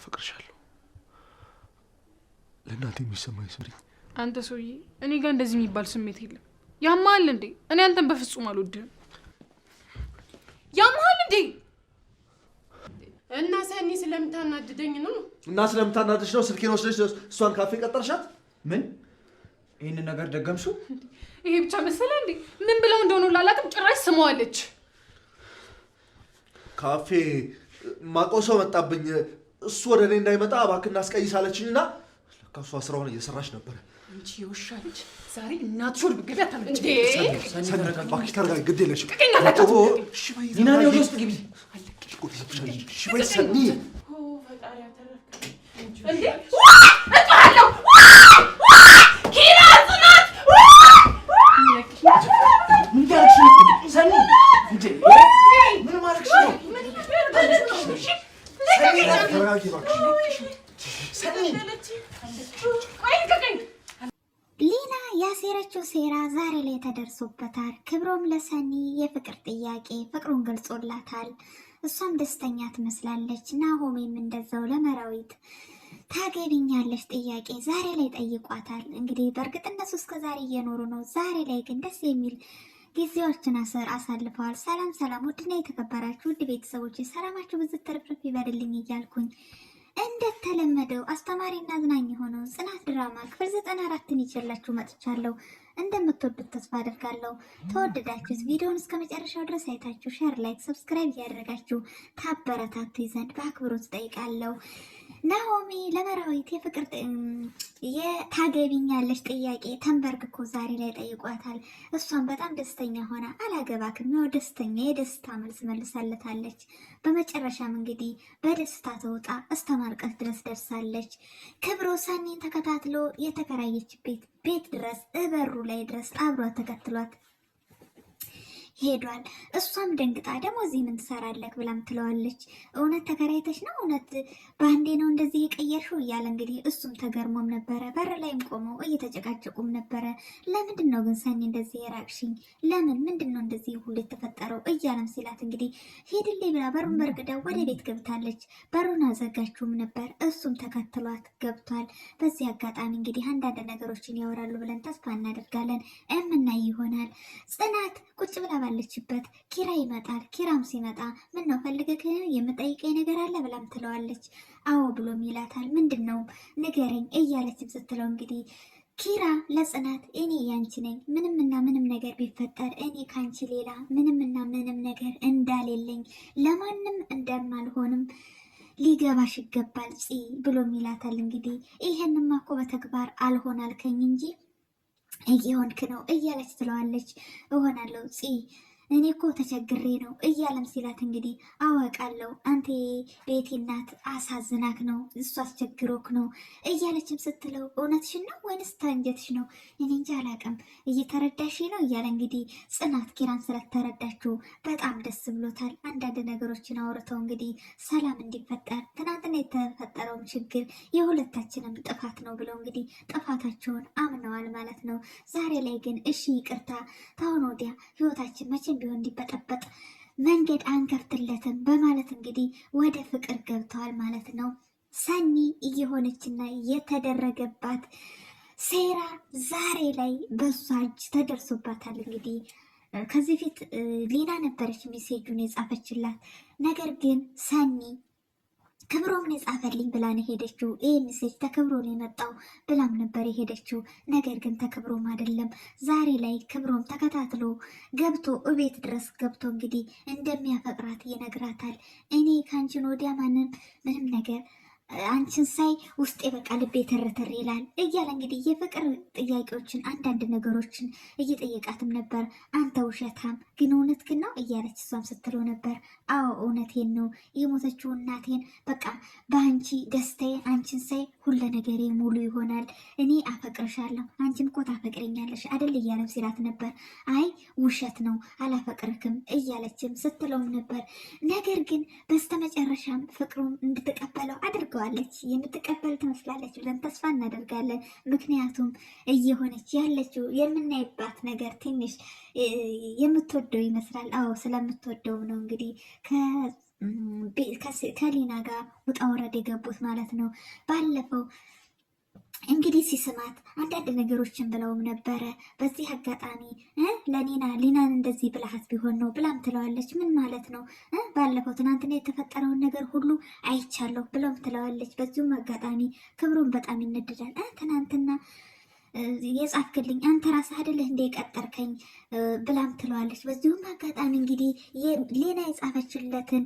አፈቅርሻለሁ። ለእናቴ የሚሰማኝ ስምሪኝ። አንተ ሰውዬ፣ እኔ ጋር እንደዚህ የሚባል ስሜት የለም። ያመሃል እንዴ? እኔ አንተን በፍጹም አልወድህም። ያመሃል እንዴ? እና ሰኒ ስለምታናድደኝ ነው እና ስለምታናድሽ ነው ስልኬን ወስደሽ እሷን ካፌ ቀጠርሻት? ምን ይህንን ነገር ደገምሱ ይሄ ብቻ መሰለ እንዴ? ምን ብለው እንደሆኑ ላላቅም ጭራሽ ስመዋለች። ካፌ ማቆሶ መጣብኝ እሱ ወደ እኔ እንዳይመጣ እባክህ እናስቀይሳለችኝ እና ለካ እሷ ስራውን እየሰራች ነበረ እንጂ የውሻ ልጅ ዛሬ እናትሽ ወድ ብገቢያ ታመጭ። እባክሽ ተረጋጊ፣ ግድ የለሽም። ኒና ወደ እጮሃለሁ ደርሶበታል። ክብሮም ለሰኒ የፍቅር ጥያቄ ፍቅሩን ገልጾላታል። እሷም ደስተኛ ትመስላለች። ናሆሜም እንደዛው ለመራዊት ታገቢኛለች ጥያቄ ዛሬ ላይ ጠይቋታል። እንግዲህ በእርግጥ እነሱ እስከ ዛሬ እየኖሩ ነው። ዛሬ ላይ ግን ደስ የሚል ጊዜዎችን አሰር አሳልፈዋል። ሰላም ሰላም! ውድና የተከበራችሁ ውድ ቤተሰቦች ሰላማችሁ ብዙ ትርፍርፍ ይበልልኝ እያልኩኝ እንደተለመደው አስተማሪና አዝናኝ የሆነው ጽናት ድራማ ክፍል ዘጠና አራትን ይዤላችሁ መጥቻለሁ። እንደምትወዱት ተስፋ አድርጋለሁ። ተወደዳችሁት ቪዲዮውን እስከ መጨረሻው ድረስ አይታችሁ ሼር ላይክ፣ ሰብስክራይብ እያደረጋችሁ ታበረታቱ ዘንድ በአክብሮት ጠይቃለሁ። ናሆሜ ለመራዊት የፍቅር የታገቢኛለች ጥያቄ ተንበርክኮ ዛሬ ላይ ጠይቋታል። እሷን በጣም ደስተኛ ሆና አላገባክም ያው ደስተኛ የደስታ መልስ መልሳለታለች። በመጨረሻም እንግዲህ በደስታ ተውጣ እስከ ድረስ ደርሳለች። ክብሮ ሰኒን ተከታትሎ የተከራየች ቤት ቤት ድረስ እበሩ ላይ ድረስ አብሯት ተከትሏት ሄዷል። እሷም ደንግጣ ደግሞ እዚህ ምን ትሰራለህ ብላም ትለዋለች። እውነት ተከራይተች ነው እውነት በአንዴ ነው እንደዚህ የቀየርሽው እያለ እንግዲህ እሱም ተገርሞም ነበረ። በር ላይም ቆመው እየተጨቃጨቁም ነበረ። ለምንድን ነው ግን ሰኒ እንደዚህ የራቅሽኝ? ለምን ምንድን ነው እንደዚህ ሁሉ የተፈጠረው? እያለም ሲላት እንግዲህ ሄድልኝ ብላ በሩን በርግዳ ወደ ቤት ገብታለች። በሩን አዘጋችሁም ነበር። እሱም ተከትሏት ገብቷል። በዚህ አጋጣሚ እንግዲህ አንዳንድ ነገሮችን ያወራሉ ብለን ተስፋ እናደርጋለን። የምናይ ይሆናል ጽናት ቁጭ ብላ ባለችበት ኪራ ይመጣል። ኪራም ሲመጣ ምነው ፈልገህ የምጠይቀኝ ነገር አለ ብላም ትለዋለች። አዎ ብሎም ይላታል። ምንድን ነው ንገረኝ እያለችም ስትለው እንግዲህ ኪራ ለጽናት እኔ ያንቺ ነኝ፣ ምንምና ምንም ነገር ቢፈጠር እኔ ካንቺ ሌላ ምንምና ምንም ነገር እንዳሌለኝ ለማንም እንደማልሆንም ሊገባሽ ይገባል ጽ ብሎም ይላታል። እንግዲህ ይህንማ እኮ በተግባር አልሆናልከኝ እንጂ እየሆንክ ነው እያለች ትለዋለች። እሆናለሁ ፂ እኔ እኮ ተቸግሬ ነው እያለም ሲላት እንግዲህ አወቃለሁ አንተ ቤቴ እናት አሳዝናክ ነው እሱ አስቸግሮክ ነው እያለችም ስትለው እውነትሽን ነው ወይንስ ታንጀትሽ ነው እኔ እንጂ አላቅም እየተረዳሽ ነው እያለ እንግዲህ ጽናት ኪራን ስለተረዳችው በጣም ደስ ብሎታል። አንዳንድ ነገሮችን አውርተው እንግዲህ ሰላም እንዲፈጠር ትናንትና የተፈጠረውን ችግር የሁለታችንም ጥፋት ነው ብለው እንግዲህ ጥፋታቸውን አምነዋል ማለት ነው። ዛሬ ላይ ግን እሺ ይቅርታ ታሁን ወዲያ ህይወታችን መቼ ቢሆን እንዲበጠበጥ መንገድ አንከፍትለትም በማለት እንግዲህ ወደ ፍቅር ገብተዋል ማለት ነው። ሰኒ እየሆነችና የተደረገባት ሴራ ዛሬ ላይ በሷ እጅ ተደርሶባታል። እንግዲህ ከዚህ ፊት ሌላ ነበረች ሜሴጁን የጻፈችላት ነገር ግን ሰኒ ክብሮምን የጻፈልኝ ብላን ሄደችው። ይህ ሜሴጅ ተክብሮን የመጣው ብላም ነበር የሄደችው። ነገር ግን ተክብሮም አይደለም። ዛሬ ላይ ክብሮም ተከታትሎ ገብቶ እቤት ድረስ ገብቶ እንግዲህ እንደሚያፈቅራት ይነግራታል። እኔ ከአንቺን ወዲያ ማንም ምንም ነገር አንቺን ሳይ ውስጤ በቃ ልቤ ተረተር ይላል እያለ እንግዲህ የፍቅር ጥያቄዎችን አንዳንድ ነገሮችን እየጠየቃትም ነበር። አንተ ውሸታም ግን እውነት ግን ነው እያለች እሷም ስትለው ነበር። አዎ እውነቴን ነው የሞተችው እናቴን በቃ በአንቺ ደስታዬ፣ አንቺን ሳይ ሁለ ነገሬ ሙሉ ይሆናል። እኔ አፈቅርሻለሁ፣ አንቺም እኮ ታፈቅረኛለሽ አደል እያለም ሲላት ነበር። አይ ውሸት ነው አላፈቅርክም እያለችም ስትለውም ነበር። ነገር ግን በስተመጨረሻም ፍቅሩም እንድትቀበለው አድርገዋል። ትወደዋለች፣ የምትቀበል ትመስላለች ብለን ተስፋ እናደርጋለን። ምክንያቱም እየሆነች ያለችው የምናይባት ነገር ትንሽ የምትወደው ይመስላል። አዎ ስለምትወደው ነው እንግዲህ ከሊና ጋር ውጣ ወረድ የገቡት ማለት ነው ባለፈው እንግዲህ ሲስማት አንዳንድ ነገሮችን ብለውም ነበረ። በዚህ አጋጣሚ ለኒና ሊናን እንደዚህ ብልሃት ቢሆን ነው ብላም ትለዋለች። ምን ማለት ነው? ባለፈው ትናንትና የተፈጠረውን ነገር ሁሉ አይቻለሁ ብለውም ትለዋለች። በዚሁም አጋጣሚ ክብሩን በጣም ይነድዳል። ትናንትና የጻፍክልኝ አንተ ራስህ አይደለህ እንደ የቀጠርከኝ ብላም ትለዋለች። በዚሁም አጋጣሚ እንግዲህ ሌና የጻፈችለትን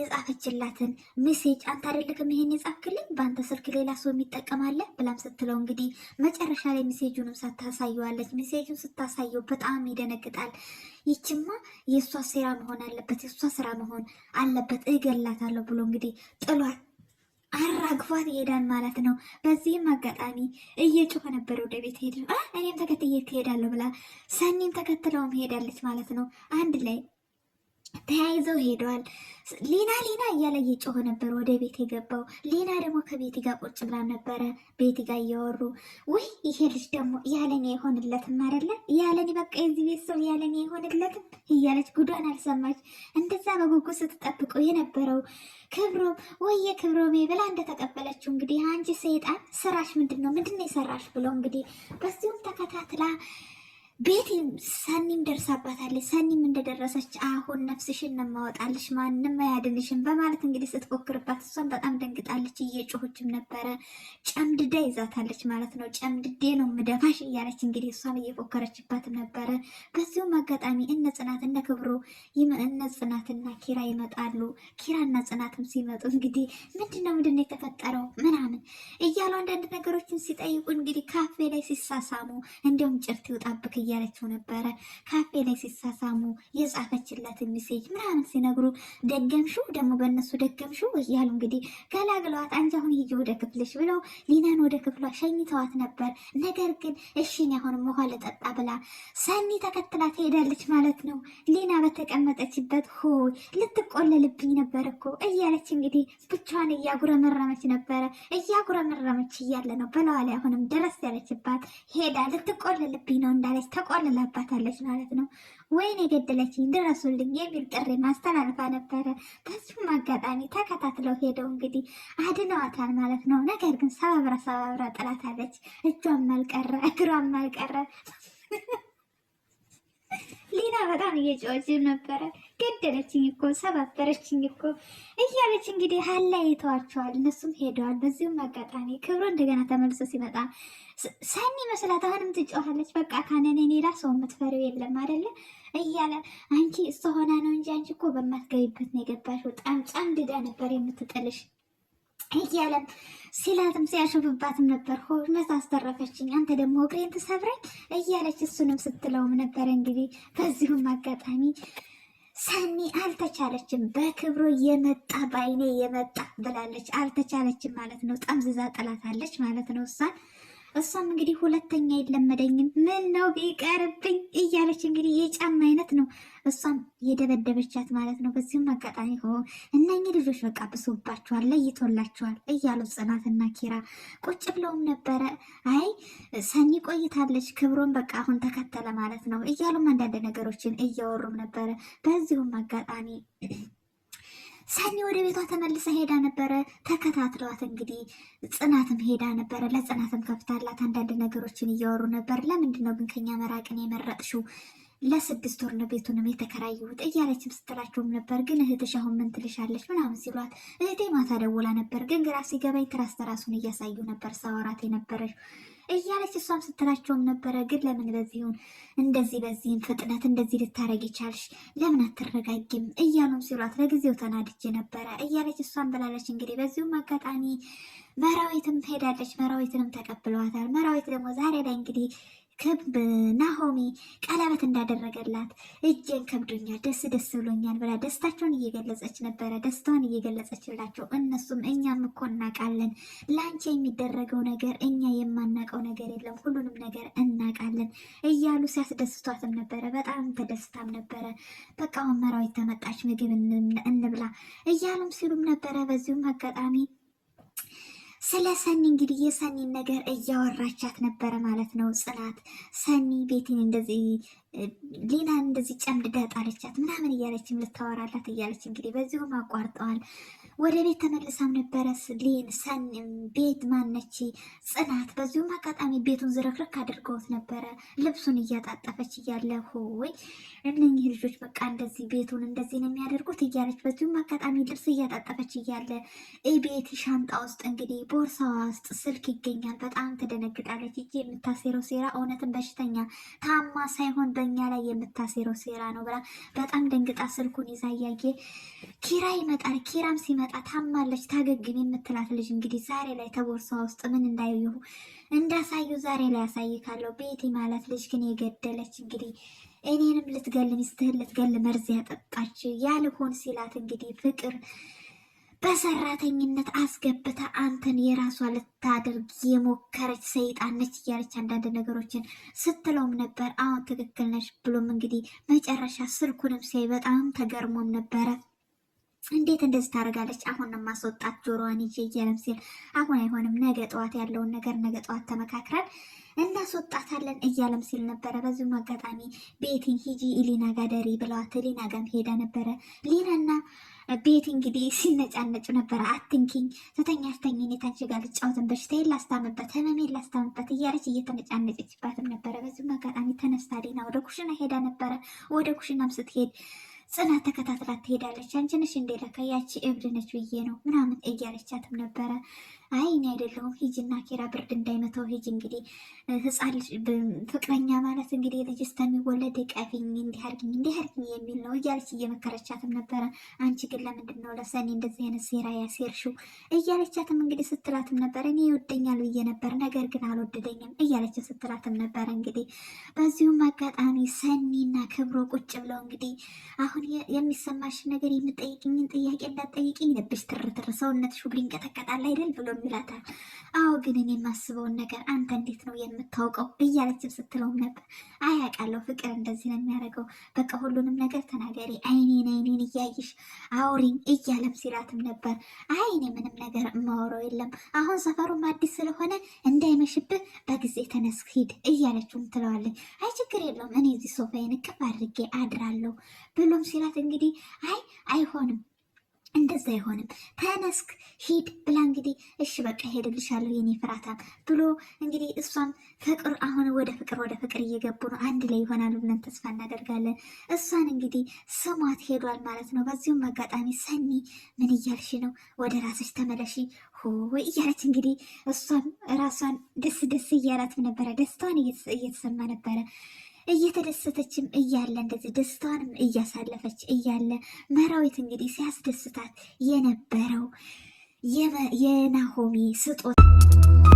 የጻፈችላትን ሜሴጅ አንተ አይደለህም ይሄን የጻፍክልኝ በአንተ ስልክ ሌላ ሰው የሚጠቀማለ ብላም ስትለው እንግዲህ መጨረሻ ላይ ሜሴጁንም ሳታሳየዋለች። ሜሴጁን ስታሳየው በጣም ይደነግጣል። ይችማ የእሷ ስራ መሆን አለበት የእሷ ስራ መሆን አለበት እገላታለሁ ብሎ እንግዲህ ጥሏት አራግፏት ይሄዳል ማለት ነው። በዚህም አጋጣሚ እየጮኸ ነበር ወደ ቤት ሄድ እኔም ተከትዬ ትሄዳለሁ ብላ ሰኒም ተከትለውም ሄዳለች ማለት ነው አንድ ላይ ተያይዘው ሄደዋል። ሌና ሌና እያለ እየጮኸ ነበር ወደ ቤት የገባው። ሌና ደግሞ ከቤት ጋር ቁጭ ብላ ነበረ። ቤት ጋር እያወሩ ውይ ይሄ ልጅ ደግሞ ያለኔ የሆንለትም አይደለ ያለኔ በቃ የዚህ ቤት ሰው ያለኔ የሆንለትም እያለች ጉዷን አልሰማች። እንደዛ በጉጉ ስትጠብቀው የነበረው ክብሮም ወየ ክብሮሜ ብላ እንደተቀበለችው እንግዲህ አንቺ ሰይጣን ስራሽ ምንድን ነው ምንድን ነው የሰራሽ ብሎ እንግዲህ በዚሁም ተከታትላ ቤት ሰኒም ደርሳባታለች። ሰኒም እንደደረሰች አሁን ነፍስሽን እናማወጣለች ማንም አያድንሽም በማለት እንግዲህ ስትፎክርባት፣ እሷን በጣም ደንግጣለች። እየጮሆችም ነበረ። ጨምድዳ ይዛታለች ማለት ነው። ጨምድዴ ነው ምደፋሽ እያለች እንግዲህ እሷን እየፎከረችባትም ነበረ። በዚሁም አጋጣሚ እነ ጽናት እነ ክብሩ እነ ጽናትና ኪራ ይመጣሉ። ኪራና ጽናትም ሲመጡ እንግዲህ ምንድነው ምንድነው የተፈጠረው ምናምን እያሉ አንዳንድ ነገሮችን ሲጠይቁ እንግዲህ ካፌ ላይ ሲሳሳሙ እንዲሁም ጭርት ይውጣብክ እያለችው ነበረ። ካፌ ላይ ሲሳሳሙ የጻፈችለት ሚሴጅ ምናምን ሲነግሩ ደገምሹ ደግሞ በእነሱ ደገምሹ እያሉ እንግዲህ ገላግለዋት አንቺ አሁን ሂጂ ወደ ክፍልሽ ብለው ሊናን ወደ ክፍሏ ሸኝተዋት ነበር። ነገር ግን እሺን ያሁን ውሃ ልጠጣ ብላ ሰኒ ተከትላ ትሄዳለች ማለት ነው። ሊና በተቀመጠችበት ሆ ልትቆለልብኝ ነበር እኮ እያለች እንግዲህ ብቻዋን እያጉረመረመች ነበረ። እያጉረመረመች እያለ ነው በለዋ ላይ አሁንም ደረስ ያለችባት ሄዳ ልትቆለልብኝ ነው እንዳለች ተቆልላባታለች ማለት ነው። ወይን የገደለች ድረሱልኝ የሚል ጥሪ ማስተላለፋ ነበረ። በዚሁም አጋጣሚ ተከታትለው ሄደው እንግዲህ አድነዋታል ማለት ነው። ነገር ግን ሰባብራ ሰባብራ ጥላታለች። እጇም አልቀረ እግሯም አልቀረ ሊና በጣም እየጮች ነበረ። ገደለችኝ እኮ ሰባበረችኝ እኮ እያለች እንግዲህ ሀላ የተዋቸዋል። እነሱም ሄደዋል። በዚሁም አጋጣሚ ክብሮ እንደገና ተመልሶ ሲመጣ ሰኒ መስላት አሁንም ትጮኋለች። በቃ ካነኔ ሌላ ሰው የምትፈሪው የለም አደለ እያለ አንቺ እሷ ሆና ነው እንጂ አንቺ እኮ በማትገቢበት ነው የገባሽው። በጣም ጫም ነበር የምትጠልሽ እያለም ሲላትም ሲያሽብባትም ነበር። ሆድ መሳ አስተረፈችኝ፣ አንተ ደግሞ እግሬን ትሰብረኝ እያለች እሱንም ስትለውም ነበር። እንግዲህ በዚሁም አጋጣሚ ሰኒ አልተቻለችም። በክብሮ የመጣ በአይኔ የመጣ ብላለች። አልተቻለችም ማለት ነው። ጠምዝዛ ጥላታለች ማለት ነው እሷን እሷም እንግዲህ ሁለተኛ የለመደኝም ምን ነው ቢቀርብኝ እያለች እንግዲህ የጫማ አይነት ነው እሷም የደበደበቻት ማለት ነው። በዚሁም አጋጣሚ ሆ እነኚህ ልጆች በቃ ብሶባቸዋል፣ ለይቶላቸዋል እያሉ ጽናትና ኪራ ቁጭ ብለውም ነበረ። አይ ሰኒ ቆይታለች ክብሮን በቃ አሁን ተከተለ ማለት ነው እያሉም አንዳንድ ነገሮችን እያወሩም ነበረ። በዚሁም አጋጣሚ ሰኒ ወደ ቤቷ ተመልሰ ሄዳ ነበረ። ተከታትለዋት እንግዲህ ጽናትም ሄዳ ነበረ። ለጽናትም ከፍታላት አንዳንድ ነገሮችን እያወሩ ነበር። ለምንድን ነው ግን ከኛ መራቅን የመረጥሽው? ለስድስት ወር ነው ቤቱንም የተከራየሁት እያለችም ስትላቸውም ነበር። ግን እህትሽ አሁን ምን ትልሻለች ምናምን ሲሏት እህቴ ማታ ደውላ ነበር፣ ግን ግራ ሲገባኝ ትራስ ተራሱን እያሳዩ ነበር ሳወራት የነበረች እያለች እሷም ስትላቸውም ነበረ። ግን ለምን በዚሁን እንደዚህ በዚህም ፍጥነት እንደዚህ ልታረግ ይቻልሽ ለምን አትረጋጊም እያሉም ሲሏት ለጊዜው ተናድጄ ነበረ እያለች እሷም ብላለች። እንግዲህ በዚሁም አጋጣሚ መራዊትም ሄዳለች። መራዊትንም ተቀብለዋታል። መራዊት ደግሞ ዛሬ ላይ እንግዲህ ክብ ናሆሚ ቀለበት እንዳደረገላት እጄን ከብዶኛል፣ ደስ ደስ ብሎኛል ብላ ደስታቸውን እየገለጸች ነበረ። ደስታዋን እየገለጸችላቸው እነሱም እኛም እኮ እናውቃለን፣ ለአንቺ የሚደረገው ነገር እኛ የማናውቀው ነገር የለም፣ ሁሉንም ነገር እናውቃለን እያሉ ሲያስደስቷትም ነበረ። በጣም ተደስታም ነበረ። በቃ መራዊት ተመጣች፣ ምግብ እንብላ እያሉም ሲሉም ነበረ። በዚሁም አጋጣሚ ስለ ሰኒ እንግዲህ የሰኒን ነገር እያወራቻት ነበረ ማለት ነው ጽናት። ሰኒ ቤቴን እንደዚህ ሌላን እንደዚህ ጨምድዳ ጣለቻት ምናምን እያለች ልታወራላት እያለች እንግዲህ በዚሁም አቋርጠዋል። ወደ ቤት ተመልሳም ነበረ ሊን ሰን ቤት ማነች ጽናት። በዚሁም አጋጣሚ ቤቱን ዝረክርክ አድርገውት ነበረ። ልብሱን እያጣጠፈች እያለ ሆይ እነኚህ ልጆች በቃ እንደዚህ ቤቱን እንደዚህ ነው የሚያደርጉት እያለች በዚሁም አጋጣሚ ልብስ እያጣጠፈች እያለ ቤት ሻንጣ ውስጥ እንግዲህ ቦርሳዋ ውስጥ ስልክ ይገኛል። በጣም ትደነግጣለች። ይቺ የምታሴረው ሴራ እውነትን በሽተኛ ታማ ሳይሆን በእኛ ላይ የምታሴረው ሴራ ነው ብላ በጣም ደንግጣ ስልኩን ይዛ እያየ ኪራ ይመጣል። ኪራም ሲመጣ ታማለች ታገግም የምትላት ልጅ እንግዲህ ዛሬ ላይ ተቦርሳ ውስጥ ምን እንዳዩ እንዳሳዩ ዛሬ ላይ ያሳይካለው። ቤቲ ማለት ልጅ ግን የገደለች እንግዲህ እኔንም ልትገል ሚስትህን ልትገል መርዝ ያጠጣች ያልሆን ሲላት እንግዲህ ፍቅር በሰራተኝነት አስገብተ አንተን የራሷ ልታደርግ የሞከረች ሰይጣን ነች እያለች አንዳንድ ነገሮችን ስትለውም ነበር። አሁን ትክክል ነች ብሎም እንግዲህ መጨረሻ ስልኩንም ሲያይ በጣም ተገርሞም ነበረ። እንዴት እንደዚህ ታደርጋለች? አሁን ማስወጣት ጆሮዋን ይዤ እያለም ሲል አሁን አይሆንም፣ ነገ ጠዋት ያለውን ነገር ነገ ጠዋት ተመካክረን እናስወጣታለን እያለም ሲል ነበረ። በዚሁም አጋጣሚ ቤቲን ሂጂ ሊና ጋደሪ ብለዋት ሊና ጋም ሄዳ ነበረ ሊናና ቤት እንግዲህ ሲነጫነጩ ነበረ። አትንኪኝ ተተኛ አስተኝ ኔታንሽ ጋር ልጫወትን በሽታዬን ላስታምበት ህመሜን ላስታምበት እያለች እየተነጫነጨችባትም ነበረ። በዚህም አጋጣሚ ተነስታ ዲና ወደ ኩሽና ሄዳ ነበረ። ወደ ኩሽናም ስትሄድ ጽናት ተከታትላት ትሄዳለች። አንቺ ነሽ እንዴ ለካ ያቺ እብድ ነች ብዬ ነው ምናምን እያለቻትም ነበረ አይ እኔ አይደለሁም ሂጂና ኪራ ብርድ እንዳይመታው ሂጂ። እንግዲህ ህፃን ፍቅረኛ ማለት እንግዲህ ልጅ እስከሚወለድ ቀፊኝ፣ እንዲህ አድርጊኝ፣ እንዲህ አድርጊኝ የሚል ነው እያለች እየመከረቻትም ነበረ። አንቺ ግን ለምንድን ነው ለሰኔ እንደዚህ አይነት ሴራ ያሴርሽው? እያለቻትም እንግዲህ ስትላትም ነበረ። እኔ ይወደኛል ብዬ ነበር፣ ነገር ግን አልወደደኝም እያለችው ስትላትም ነበረ። እንግዲህ በዚሁም አጋጣሚ ሰኒና ክብሮ ቁጭ ብለው እንግዲህ አሁን የሚሰማሽ ነገር የምጠይቅኝን ጥያቄ እንዳትጠይቅኝ ልብሽ ትርትር ሰውነትሽ ሁሉ ይንቀጠቀጣል አይደል ብሎ ነው ይላታል። አዎ ግን እኔ የማስበውን ነገር አንተ እንዴት ነው የምታውቀው? እያለችም ስትለውም ነበር። አያውቃለሁ ፍቅር እንደዚህ ነው የሚያደርገው። በቃ ሁሉንም ነገር ተናገሪ፣ አይኔን አይኔን እያይሽ አውሪኝ እያለም ሲላትም ነበር። አይ እኔ ምንም ነገር የማወራው የለም አሁን ሰፈሩም አዲስ ስለሆነ እንዳይመሽብህ በጊዜ ተነስ ሂድ እያለችውም ትለዋለች። አይ ችግር የለውም እኔ እዚህ ሶፋዬን እቅፍ አድርጌ አድራለሁ ብሎም ሲላት እንግዲህ አይ አይሆንም እንደዛ አይሆንም፣ ተነስክ ሂድ ብላ እንግዲህ እሺ በቃ ሄድልሻለሁ የኔ ፍራታ ብሎ እንግዲህ እሷን ፍቅር አሁን ወደ ፍቅር ወደ ፍቅር እየገቡ ነው። አንድ ላይ ይሆናሉ ብለን ተስፋ እናደርጋለን። እሷን እንግዲህ ስሟት ሄዷል ማለት ነው። በዚሁም አጋጣሚ ሰኒ ምን እያልሽ ነው? ወደ ራስሽ ተመለሺ ሆ እያለች እንግዲህ እሷም ራሷን ደስ ደስ እያላትም ነበረ፣ ደስታን እየተሰማ ነበረ። እየተደሰተችም እያለ እንደዚህ ደስታዋንም እያሳለፈች እያለ መራዊት እንግዲህ ሲያስደስታት የነበረው የናሆሚ ስጦታ